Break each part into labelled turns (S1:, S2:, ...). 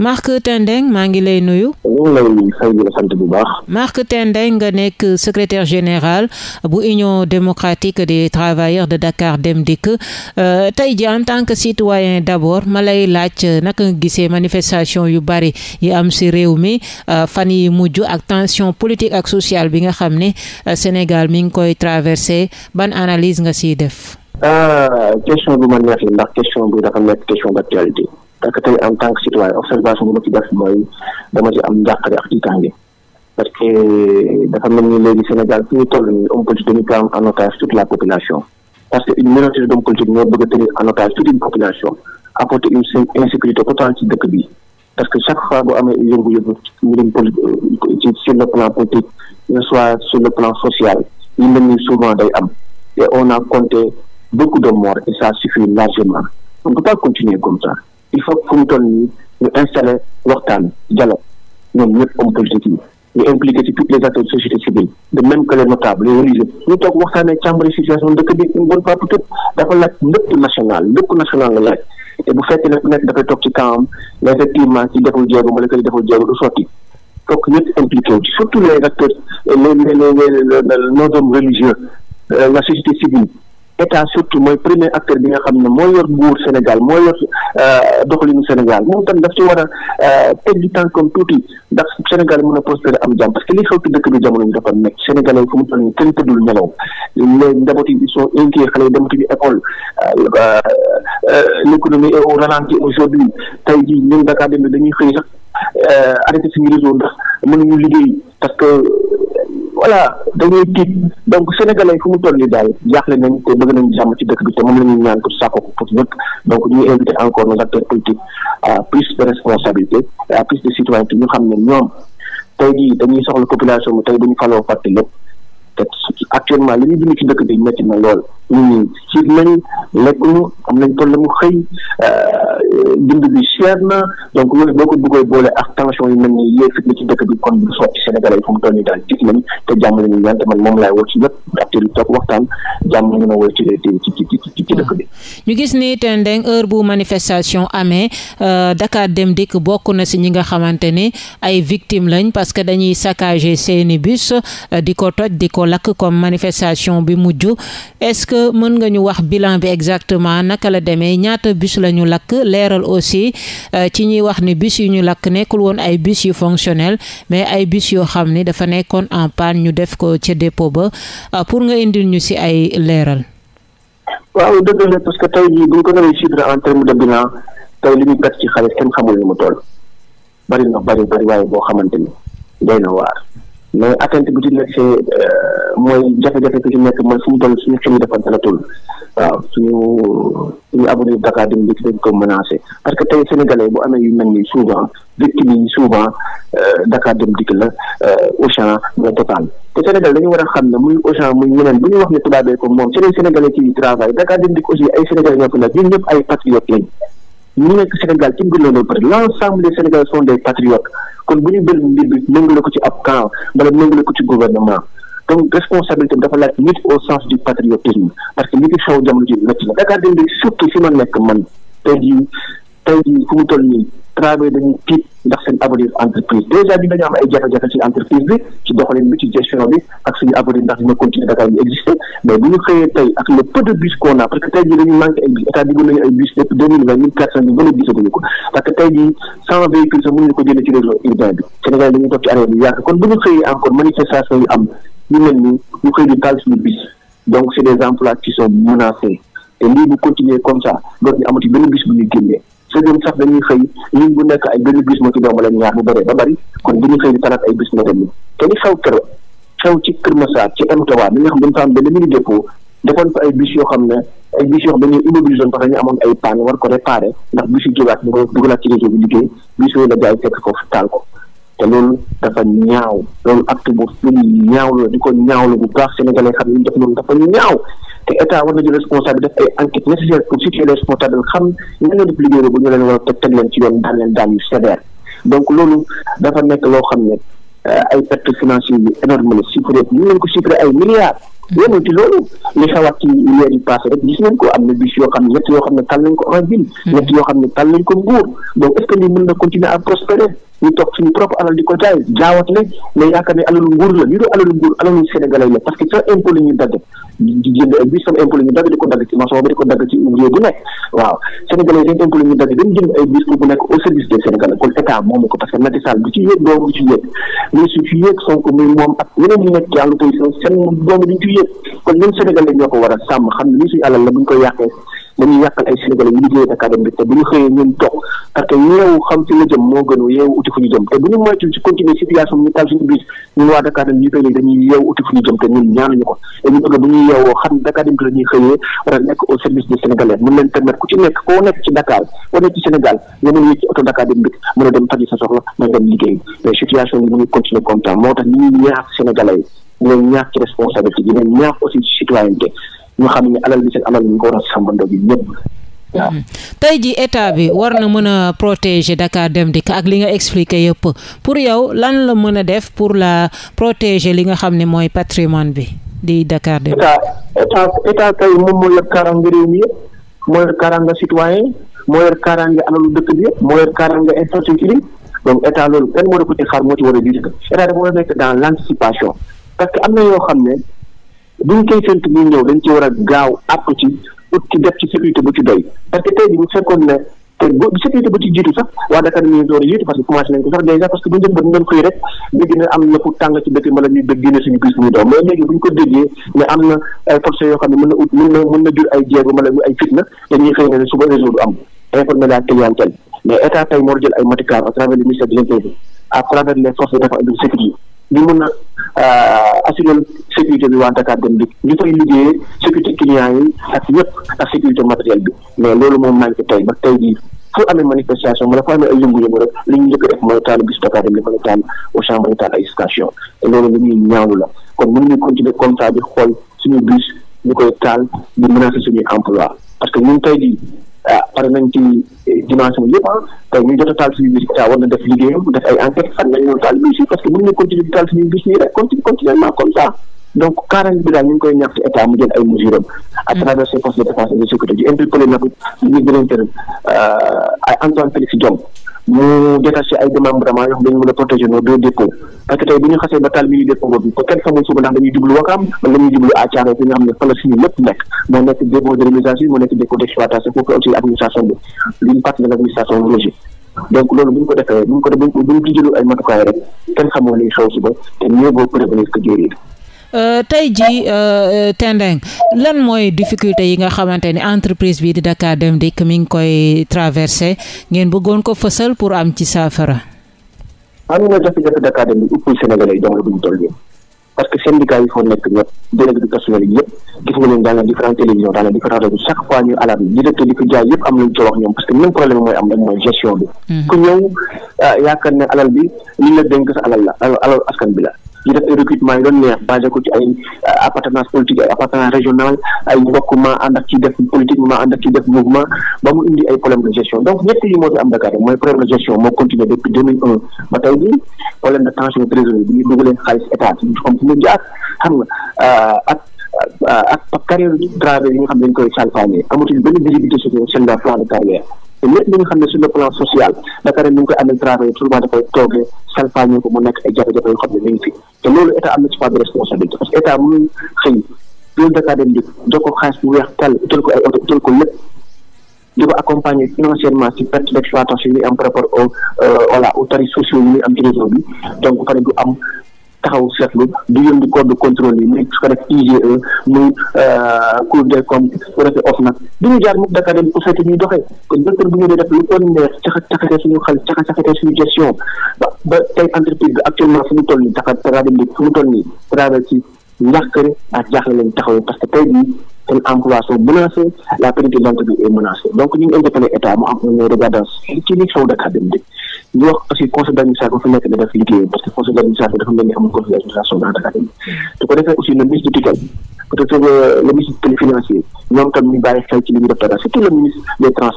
S1: Marc Tendeng maa ngi lay nuyu. Marc Tendeng nga nekk secrétaire général bu Union démocratique des travailleurs de Dakar Dem Dikk euh, tey ji en tant que citoyen d'abord ma lay laaj naka nga gisee manifestation yu bari yi am si réew mi euh, fan yi mujj ak tension politique ak sociale bi nga xam ne euh, Sénégal mi ngi koy traversé ban analyse nga ciy def.
S2: Ah, parce que tey en tant que citoyen observation bu ma ci def mooy dama ci am njàqare parce que dafa mel ni léegi Sénégal fi ñu toll nii homme politique dañu prendre en otage la population parce que une minorité d'hommes politiques ñoo bëgg a tenir en otage toute population apporter insécurité totale ci que chaque fois bu amee yëngu-yëngu sur le plan social yi mel ni souvent day am et on a compté beaucoup de morts et ça suffit largement on ne peut pas continuer comme ça il faut fu mu toll nii ñu installé waxtaan dialogue ñoom ñëpp homme politique yi ñu impliqué ci toutes les acteurs de société civile de même que les notables les religieux ñu toog waxtaanee càmbari situation dëkk bi une bonne fois pour toutes dafa laaj ndëpp national ndëpp national la laaj te bu fekkee ne ku nekk dafay toog ci camp mais effectivement ci deful jéego ma la koy deful jéego du sotti donc ñëpp impliqué wu surtout les acteurs les les les nos hommes religieux euh, la société état surtout mooy premier acteur bi nga xam ne moo yor nguur Sénégal moo yor euh, doxalinu Sénégal moom tam daf ci war a euh, teggi tànkam tuuti ndax Sénégal mën a prospérer am jàmm parce que li xew ci dëkk bi jamono ñu dafa nekk Sénégalais fu mu toll nii kenn tëddul nelaw les njaboot yi ils sont inquiets xale yi dematuñu école euh, l'économie est au ralenti aujourd'hui tey jii ñun Dakar dem dañuy xëy sax Euh, arrêté suñu réseau ndax mënuñu liggéey parce que voilà dañuy tiit donc sénégalais fu mu toll nii daal jaaxle nañ te bëgg nañ jàmm ci dëkk bi te moom la ñuy ñaan pour sàkko ko pour ñëpp donc ñuy invité encore nos acteurs politiques à plus de responsabilité à plus de citoyenneté ñu xam ne ñoom tey jii dañuy soxla population bi tey bu ñu faloo fàtte lépp te actuellement li ñu dund ci dëkk bi métti na lool nit ñi xiif nañ lekkuñu am nañ problème mu xëy euh, dund bi cher na donc loolu boo ko bëggee boole ak tension yu mel nii yéen fitna ci dëkk bi kon du sotti Sénégalais yi fu mu toll nii daal gis nañ te jàmm la ñuy man moom laay woo ci yëpp acteurs toog waxtaan jàmm la ñu na woo ci ci ci ci.
S1: ñu gis ni Tendeng heure bu manifestation amee euh, Dakar Dem Dikk bokk na si ñi nga xamante ni ay victime lañ parce que dañuy saccager seeni bis euh, di ko toj di ko lakk comme manifestation bi mujj est-ce que mën nga ñu wax bilan bi exactement naka la demee ñaata bus la ñu lakk leeral aussi euh, ci ñuy wax ni bus yu ñu lakk nekkul woon ay bis yu fonctionnel mais ay bus yoo xam ni dafa nekkoon en panne ñu def ko ca dépo ba pour nga indil ñu si ay leeral
S2: waaw dëgg la parce que tey jii bu ñu ko doon chiffre en terme de bilan tey li ñu perte ci xaalis kenn xamul ni mu toll bari na bari bari waaye boo xamante ni day na waar mais attent bu ci nekk see euh, mooy jafe-jafe bi ci nekk mooy fu mu toll suñu xel la dalatul waaw suñu suñu abonné Dakar dem bi dañ ko menacé parce que tey sénégalais bu amee yu mel ni souvent victime souvent euh, Dakar dem dikk la euh, Auchan nga total te Sénégal dañu war a xam ne muy Auchan muy ñeneen bu ñu wax ne tubaabee ko moom c'est des sénégalais qui travaillent Dakar Dem Dikk aussi ay sénégalais ñoo fi nekk ñun ñëpp ay patriotes lañ ñu nekk Sénégal ci mbir la doon pare l'ensemble des sénégalais sont des patriotes kon bu ñu jël mbir bi méngale ko ci ab camp wala méngale ko ci gouvernement donc responsabilité bi dafa laaj nit au sens du patriotisme parce que li ci xew jamono ji métti la Dakar Dem Dikk surtout fi ma nekk man tey jii tey jii fu mu toll nii patronat bi dañuy tiit ndax seen avenir entreprise déjà ñu dañu am ay jafe-jafe ci entreprise bi ci doxalin bi ci gestion bi ak suñu avenir ndax dina continuer Dakar ñu exister mais bu ñu xëyee tey ak le peu de bus qu'on a parce que tey jii dañu manqué ay bus état bi gën nañu ay bus depuis deux mille vingt mille quatre cent bi ba léegi gisaguñu ko parce que tey jii cent véhicules sax mënuñu ko jënd ci réseau urbain bi Sénégal dañuy toog ci arrêt bi yaakaar kon bu ñu xëyee encore manifestation yu am ñu mel ni ñu xëy di taal suñu bus donc c'est des emplois qui sont menacés te lii bu continuer comme ça dootuñu amati benn bus bu ñuy génnee sëñ sax dañuy xëy ñun bu nekk ay benn bis moo ci doomu leen ñaar bu bëree ba bëri kon dañuy xëy di talaat ay bis météo te li xew kër xew ci Kër Massar ci MTOA bi nga xam dañu fa am benn mini dépôt defoon ay bis yoo xam ne ay bis yoo xam dañuy ay panne ko réparé ndax bis yu jógaat ñu ko dugalaat ci réseau bi liggéey bis yooyu la jaay fekk foofu taal ko te loolu dafa ñaaw loolu acte bu lu ñaaw la di ko ñaawlu bu baax sénégalais xam ne def loolu dafa ñaaw te état war na jël responsable def ay enquête nécessaire pour situer les xam nga def liggéey bu ñu leen a teg teg ci yoon daan leen daan yu sévère donc loolu dafa nekk ne euh, ay perte financière yu énorme la chiffré ñu leen ko chiffré ay milliards yéen ci loolu li xewaat ci weer yi rek gis nañ ko am na bis yoo xam ne ñett yoo xam ne nañ ko Orange Bill hmm. ne tal nañ ko Mbour donc est-ce que lii mën na continuer à prospérer ñu toog suñu propre alal di ko jaay jaawatle mais yaakaar ne alalu nguur la li doon alalu nguur alalu sénégalais la parce que sa impôt la dagg di ko dagg ci maçon bi di ko dagg ci ouvrier bu nekk waaw sénégalais seen impôt la dagg dañ jënd ay biir bu nekk au service des sénégalais kon état moomu ko parce que Macky Sall du ci yéeg doomu ci yéeg mais su ci yéeg Sonko muy moom ak yeneen ñu nekk yàllu position seen doomu duñ ci yéeg kon ñun sénégalais ñoo dañuy yàqal ay Sénégalais yu liggéey Dakar dem bi te bu ñu xëyee ñun toog parce que yeewu xam fi la jëm moo gënu yeewu uti fu ñu jëm te bu ñu moytu ñu tal suñu biir ñu yeewu xam ne dem bi la xëyee war nekk au service des Sénégalais mën leen permettre ku ci nekk koo nekk ci Dakar koo nekk ci Sénégal nga mën a ci oto Dakar dem bi mën a dem faji sa soxla mën dem liggéey mais situation bi mu continuer comme moo tax ñu ñu leen ñaax ñu leen ñu xam ne alal bi seen alal ñu ko war a sàmmandoo bi ñëpp waaw. Hmm.
S1: tey ji état bi war na mën a protéger Dakar Dem Dikk ak li nga expliqué yëpp pour yow lan la mën a def pour la protéger li nga xam ne mooy patrimoine bi di Dakar Dem
S2: état loolu kenn moo ko ci xaar moo ci war a jiite état dafa war nekk dans l' anticipation am na yoo xam ne. buñ koy séntu muy ñëw dañ ci war a gaaw àpp ci ut ci def ci sécurité bu te bu sécurité bu ci jiitu ne am na ay euh, yoo xam ne mën na ut mën na mën na jur ay jéego mbala ay fitna dañuy xëy ne suba réseau du am informer la clientèle mais état tey moo jël ay matukaay à travers le ministère de l'intérieur à ñu mën a euh, assurer sécurité bi waa Dakar Dem Dikk ñu fay liggéeyee sécurité clients yi ak yëpp ak sécurité matériel bi mais loolu moom manqué tey ba tey jii fu amee manifestation wala fu amee ay yëngu-yëngu rek li a def mooy taal bis Dakar Dem Dikk mën a taal au champ mën a taal ay station te loolu lu ñuy ñaawu la kon mënuñu continuer comme ça di xool suñu bus ñu koy taal di menacer suñuy emploi parce que ñun tey jii ah pare nañ ci dimension yëpp ah te ñu jot a taal suñu bis état war na def liggéeyam def ay enquête fan lañ ñëw taal bis yi parce que mënuñu continuer di taal suñu bis yi rek continue comme ça donc carrément bi daal ñu ngi koy ñaxtu état mu jël ay mesures am à travers ses forces de défense et de sécurité di interpellé nag ministre de euh, Antoine Félix Diome ñu détaché ay démembrement yoo xam dañu mën a protéger nos deux dépôts parce que tey bu ñu xasee ba taal bi ñu dépôt boobu ko kenn xam ne fa la suñu nekk moo nekk dépôt de réalisation moo nekk dépôt d' foofu aussi administration bi luñu partie de l' administration donc loolu bu ñu ko defee bu ñu ko def bu ñu jëlul ay matukaay rek kenn xamoo xew suba te mieux vaut prévenir que guérir
S1: Euh, tey jii euh, euh, Tendeng lan mooy difficulté yi nga xamante ni entreprise bi di Dakar Dem Dikk mi ngi koy traversé ngeen bëggoon ko fësal pour am ci saafara.
S2: am na jafe-jafe Dakar Dem yi que syndicat yi foo nekk ñëpp délégué du personnel yi yëpp gis nga leen dans les différentes télévisions dans les différentes chaque fois ñuy alarme yi directeur di ko jaay yëpp am nañu ci ñoom parce que même problème mooy am rek mooy gestion bi. Mm-hmm. ku ñëw ah, yaakaar ne alal bi li la dénk sa alal la alal askan bi la. ñu def ay recrutement yi doon neex basé ko ci ay euh, appartenance politique ay appartenance régionale ay mbokk maa ànd ak def politique maa ànd ak ci def mouvement ba mu indi ay problème de gestion donc ñett yi moo fi am Dakar mooy problème de gestion moo continué depuis deux mille un ba tey jii problème de tension trésorerie bi ñu dugalee xaalis état xam fu mu jaar xam nga euh, euh, ak ak xam dañ koy salfaañee amatul benn visibilité sur xam ne sur le plan social Dakar ni ñu koy nekk ay jafe-jafe yoo xam ne mi ngi fi te loolu état am na ci part de responsabilité parce que état mënul xëy loolu Dakar dem di jox ko xaalis bu weex tel utal ko ay oto utal ko lépp di ko accompagner financièrement si perte d'exploitation yi am par rapport au voilà euh, aux sociaux yi am ci réseau bi donc pare du am taxaw seetlu du yëngu corps de contrôle yi muy su ko def IGE muy euh, cour des comptes su defee off nag du ñu jaar mukk Dakar dem pour ñu dee def lu ko neex caxa caxatee suñu xel caxa caxatee suñu gestion ba ba tey entreprise bi actuellement fu mu toll nii Dakar que tey jii seen emploi sont menacés la pérennité de l'entreprise est menacée donc ñu ngi interpellé état mu am un regard ci li xew Dakar dem de ñu wax d' administration bu fi nekk dafa liggéey parce que conseil d' administration amul conseil d' administration dans Dakar def dara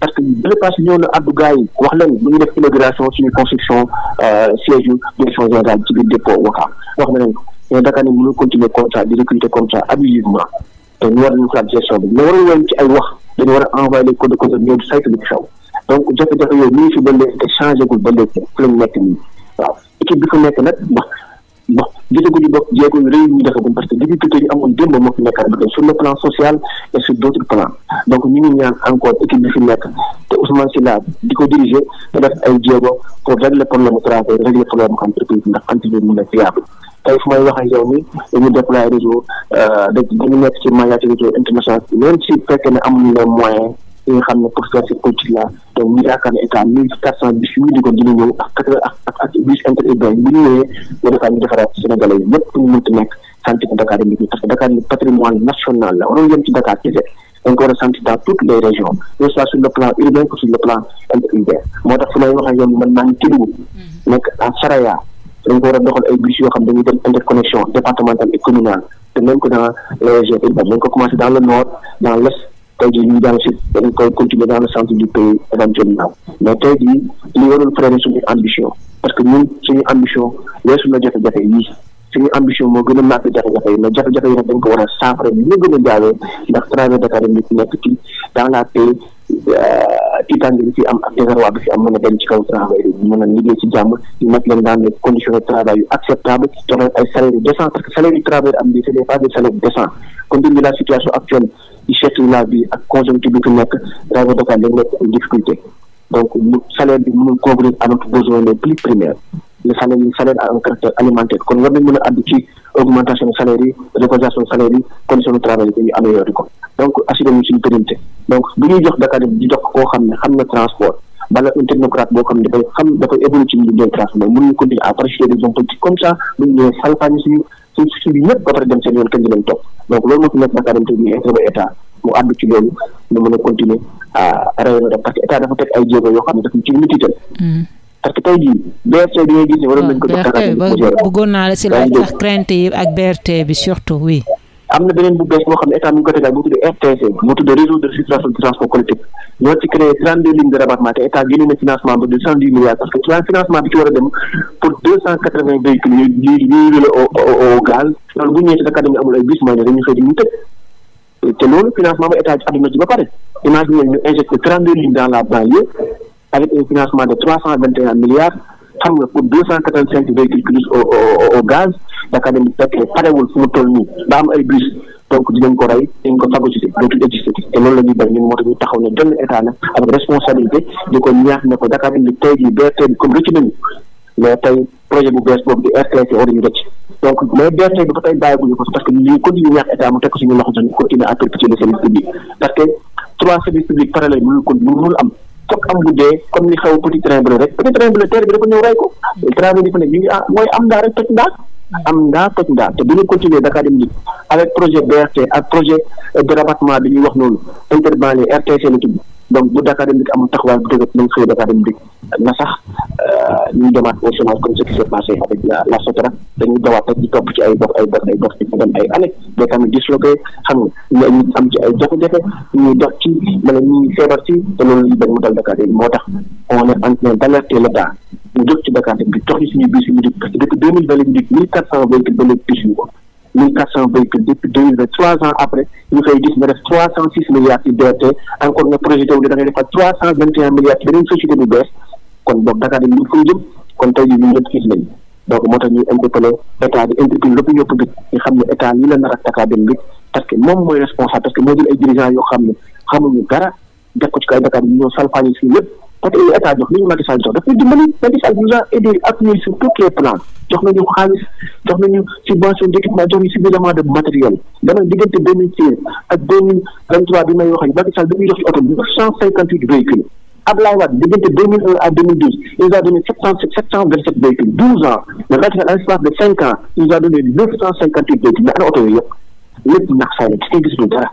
S2: parce que bële paase ñëw na addu gars wax leen bu ñu def inauguration suñu construction euh, siège yu direction générale ci biir dépôt Ouakam wax na leen ko mais Dakar ni mënul continuer comme ça di recruter comme ça abusivement te ñu war nañu xalaat gestion bi mais waruñu woon ci ay wax dañu war a envoyé les codes de conduite ñëw saytu li xew donc jafe-jafe yooyu mu ngi fi ba léegi te changé gul ba léegi fu la nekk nii waaw équipe bi fa nekk nag bon bon gisaguñu bopp jéego yu rëy ñu defagum parce que difficulté yi amoon démb moo fi nekkaat ba tey sur social d' donc ñu ngi ñaan encore équipe bi fi nekk te si Sylla di ko diriger da def ay jéego pour régler problème mu travail régler problème mu entreprise ndax entreprise mu nekk fiable tey fu may wax ak yow nii dañu déployer réseau euh, dañu nekk ci maillage réseau international même si fekkee ne amuñu les moyen yi xam ne pour faire cette politique donc ñu yaakaar ne état mille quatre cent bis yu ñu digoon dina ñëw ak ak ak ak bis interurbain bu ñu ñëwee boo defaa ñu defaraat Sénégalais yi ñëpp ñu mënti nekk santé ko Dakar yi parce que Dakar yi patrimoine national la waroon yem ci Dakar kese a dans toutes les régions le plan urbain que sur le plan interurbain moo tax fu mm-hmm. nekk à Saraya dañ ko war a ay bus yoo xam dañuy dem interconnexion et tey ñu jàng dañ koy continuer dans le centre du pays éventuellement mais tey jii parce que ñun suñu ambition weesu na jafe-jafe yii suñu ambition moo gën a naat jafe-jafe yi mais jafe-jafe dañ ko war a saafara ñu gën a jaawee travail Dakar nekk ci dans la paix euh, tiitaange bi fi am ak désarroi bi am mën a dem ci kaw travail yi mën a liggéey ci jàmm ñu mettre leen dans les conditions de travail yu acceptables jox leen ay salaire yu décent parce que salaire yu travail am bi c'est pas des salaires décents de la situation actuelle ci chef de village bi ak conjoncture bi donc salaire bi mënul couvrir à besoin les plus primaires salaire yi caractère alimentaire kon war nañ mën a àddu ci augmentation salaire yi revalorisation salaire condition de travail ko xam ne xam na transport bala un technocrate boo xam ne dafay xam dafay évoluer ci ñu doon transport mënuñu continuer à profiter des hommes politiques comme ça luñ ñëwee salfaañi suuf a bi ñëpp ba pare dem seen yoon kañ lañ topp donc loolu moo fi nekk Dakar dem te ñu intérêt état mu àddu ci loolu mu mën a continuer à rayonner def parce que état dafa teg ay jéego yoo xam ne daf ñu ciy mititel. Hmm. parce que tey jii BRT bi ngay gis ne waroon nañ ko. jox BRT
S1: naa la si laaj sax crainte yi ak BRT bi surtout oui.
S2: am na beneen bu bees boo xam ne état mi ngi ko tegal bu tudd réseau de circulation du transport collectif ñoo ci créé trente deux lignes de rabattement te état génne na financement ba deux cent dix milliards parce que financement bi ci a dem pour deux cent quatre vingt véhicules yu yu gaz loolu deux lignes dans la banlieue avec un financement de trois cent vingt et un milliards xam nga pour deux cent quatre vingt cinq véhicules plus au au gaz. Dakar dem fekkee parewul fu mu toll nii ba am ay bus donc ko rey dinañ ko phagocyté dootul existé te loolu la ñuy bañ ñun moo di ko ñaax ne ko bi tey jii BRT bi comme rëcc nañu bu bees boobu di RTT war nañu rëcc donc mais BRT bi ba tey bàyyiguñu ko parce que ñu continuer ñaax état mu teg ko suñu loxo am fokk am bu dee comme ni xew petit train bleu rek petit train bleu terre bi da ko ñëw rey ko train bi dafa ah, mooy am ndaa rek ndaa am ndaa toj ndaa te bu ñu continuer Dakar Dem Dikk avec projet BRT ak projet de rabattement bi ñuy wax noonu interbanlieue RTC la tudd donc bu Dakar Dem Dikk amul taxawaay bu dëgg nañ xëy Dakar euh, demaat au chômage comme ce qui s'est passé avec la la SOTRAC dañu dawaat rek di topp ci ay bor ay xam nga ñu am ci ay jafe-jafe ñu dox ci wala ñu feebar ci te loolu li moo tax on est en train d'alerter l'État ñu ci Dakar dem di tox suñu bis yi ñu dégg parce que depuis deux mille vingt la ñu dégg mille quatre cent véhicules ba depuis deux mille vingt trois ans après ñu koy gis nga def trois cent six milliards ci DRT encore nga projet taw bi da ngay trois cent vingt et un milliards beneen société bu bees kon Dakar dem ñu ngi jëm kon tey jii ñun la nar Dakar dem bi parce que moom mooy responsable parce que moo jël ay dirigeants yoo xam ne xamuñu parce que état jox li ñu Macky Sall jox daf ñu dimbali Macky Sall nous a aidé appuyé sur tous les plans jox nañu xaalis jox nañu subvention d'équipement jox nañu suffisamment de matériel danañ diggante deux mille seize ak deux mille vingt trois bi may wax ak Macky Sall dañuy jox ci oto neuf cent cinquante huit véhicules Abdoulaye Wade diggante deux mille un à deux mille douze il nous a donné sept cent sept cent vingt sept véhicules douze ans mais Macky Sall à l'espace de cinq ans il nous a donné neuf cent cinquante huit véhicules mais ana oto yooyu yëpp lépp nax saa la dara